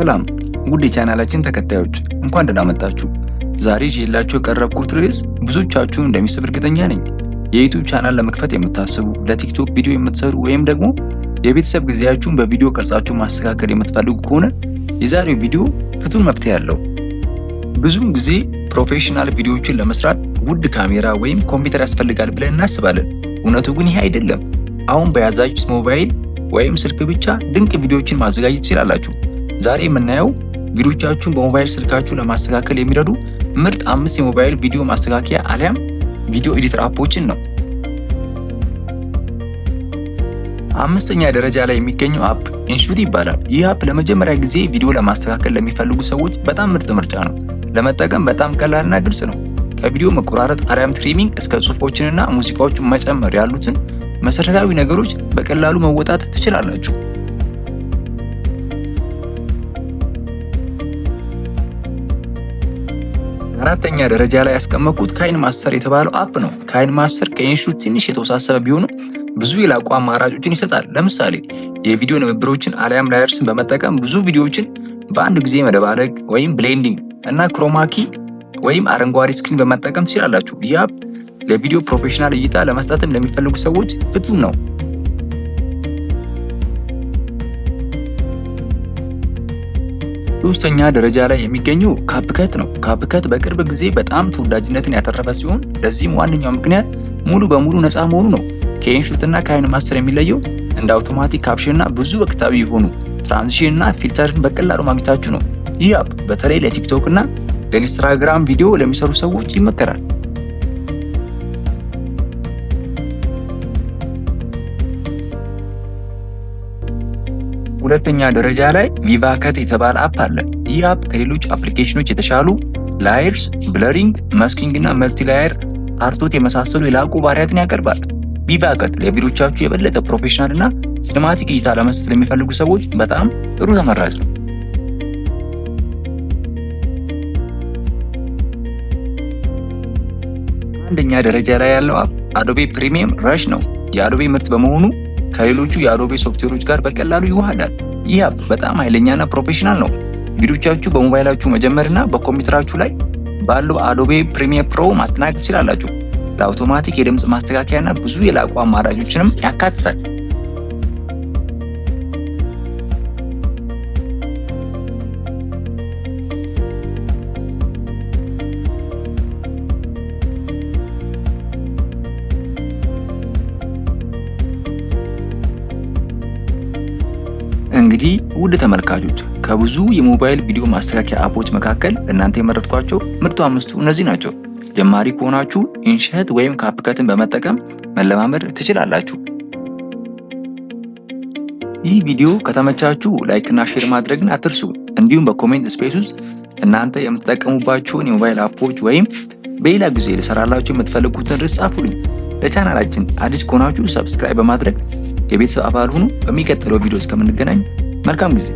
ሰላም ውድ የቻናላችን ተከታዮች እንኳን ደህና መጣችሁ። ዛሬ ይዤላችሁ የቀረብኩት ርዕስ ብዙዎቻችሁን እንደሚስብ እርግጠኛ ነኝ። የዩቱብ ቻናል ለመክፈት የምታስቡ፣ ለቲክቶክ ቪዲዮ የምትሰሩ ወይም ደግሞ የቤተሰብ ጊዜያችሁን በቪዲዮ ቀርጻችሁ ማስተካከል የምትፈልጉ ከሆነ የዛሬው ቪዲዮ ፍቱን መፍትሄ ያለው። ብዙውን ጊዜ ፕሮፌሽናል ቪዲዮዎችን ለመስራት ውድ ካሜራ ወይም ኮምፒውተር ያስፈልጋል ብለን እናስባለን። እውነቱ ግን ይሄ አይደለም። አሁን በያዛችሁት ሞባይል ወይም ስልክ ብቻ ድንቅ ቪዲዮዎችን ማዘጋጀት ትችላላችሁ። ዛሬ የምናየው ቪዲዮቻችሁን በሞባይል ስልካችሁ ለማስተካከል የሚረዱ ምርጥ አምስት የሞባይል ቪዲዮ ማስተካከያ አሊያም ቪዲዮ ኤዲተር አፖችን ነው። አምስተኛ ደረጃ ላይ የሚገኘው አፕ ኢንሹት ይባላል። ይህ አፕ ለመጀመሪያ ጊዜ ቪዲዮ ለማስተካከል ለሚፈልጉ ሰዎች በጣም ምርጥ ምርጫ ነው። ለመጠቀም በጣም ቀላልና ግልጽ ነው። ከቪዲዮ መቆራረጥ አሊያም ትሪሚንግ እስከ ጽሁፎችንና ሙዚቃዎችን መጨመር ያሉትን መሰረታዊ ነገሮች በቀላሉ መወጣት ትችላላችሁ። አራተኛ ደረጃ ላይ ያስቀመጥኩት ካይን ማስተር የተባለው አፕ ነው። ካይን ማስተር ከኢንሹ ትንሽ የተወሳሰበ ቢሆንም ብዙ የላቁ አማራጮችን ይሰጣል። ለምሳሌ የቪዲዮ ንብብሮችን አሊያም ላየርስን በመጠቀም ብዙ ቪዲዮዎችን በአንድ ጊዜ መደባለቅ ወይም ብሌንዲንግ እና ክሮማኪ ወይም አረንጓዴ ስክሪን በመጠቀም ትችላላችሁ። ይህ አፕ ለቪዲዮ ፕሮፌሽናል እይታ ለመስጠትም ለሚፈልጉ ሰዎች ፍቱን ነው። ሶስተኛ ደረጃ ላይ የሚገኘው ካፕከት ነው። ካፕከት በቅርብ ጊዜ በጣም ተወዳጅነትን ያተረፈ ሲሆን ለዚህም ዋነኛው ምክንያት ሙሉ በሙሉ ነፃ መሆኑ ነው። ከኢንሹት እና ከአይን ማስተር የሚለየው እንደ አውቶማቲክ ካፕሽን እና ብዙ ወቅታዊ የሆኑ ትራንዚሽን እና ፊልተርን በቀላሉ ማግኘታችሁ ነው። ይህ አፕ በተለይ ለቲክቶክ እና ለኢንስታግራም ቪዲዮ ለሚሰሩ ሰዎች ይመከራል። ሁለተኛ ደረጃ ላይ ቪቫከት የተባለ አፕ አለ። ይህ አፕ ከሌሎች አፕሊኬሽኖች የተሻሉ ላየርስ፣ ብለሪንግ፣ መስኪንግ እና መልቲላየር አርቶት የመሳሰሉ የላቁ ባህሪያትን ያቀርባል። ቪቫከት ለቪዲዮቻችሁ የበለጠ ፕሮፌሽናል እና ሲኒማቲክ እይታ ለመስጠት ለሚፈልጉ ሰዎች በጣም ጥሩ ተመራጭ ነው። አንደኛ ደረጃ ላይ ያለው አፕ አዶቤ ፕሪሚየም ረሽ ነው። የአዶቤ ምርት በመሆኑ ከሌሎቹ የአዶቤ ሶፍትዌሮች ጋር በቀላሉ ይዋሃዳል። ይህ አፕ በጣም ኃይለኛና ፕሮፌሽናል ነው። ቪዲዮቻችሁ በሞባይላችሁ መጀመርና በኮምፒውተራችሁ ላይ ባለው አዶቤ ፕሪሚየር ፕሮ ማጠናቀቅ ትችላላችሁ። ለአውቶማቲክ የድምፅ ማስተካከያና ብዙ የላቁ አማራጮችንም ያካትታል። እንግዲህ ውድ ተመልካቾች ከብዙ የሞባይል ቪዲዮ ማስተካከያ አፖች መካከል እናንተ የመረጥኳቸው ምርጡ አምስቱ እነዚህ ናቸው። ጀማሪ ከሆናችሁ ኢንሸት ወይም ካፕከትን በመጠቀም መለማመድ ትችላላችሁ። ይህ ቪዲዮ ከተመቻችሁ ላይክና ሼር ማድረግን አትርሱ። እንዲሁም በኮሜንት ስፔስ ውስጥ እናንተ የምትጠቀሙባቸውን የሞባይል አፖች ወይም በሌላ ጊዜ ልሰራላችሁ የምትፈልጉትን ርዕስ ጻፉልኝ። ለቻናላችን አዲስ ከሆናችሁ ሰብስክራይብ በማድረግ የቤተሰብ አባል ሁኑ። በሚቀጥለው ቪዲዮ እስከምንገናኝ መልካም ጊዜ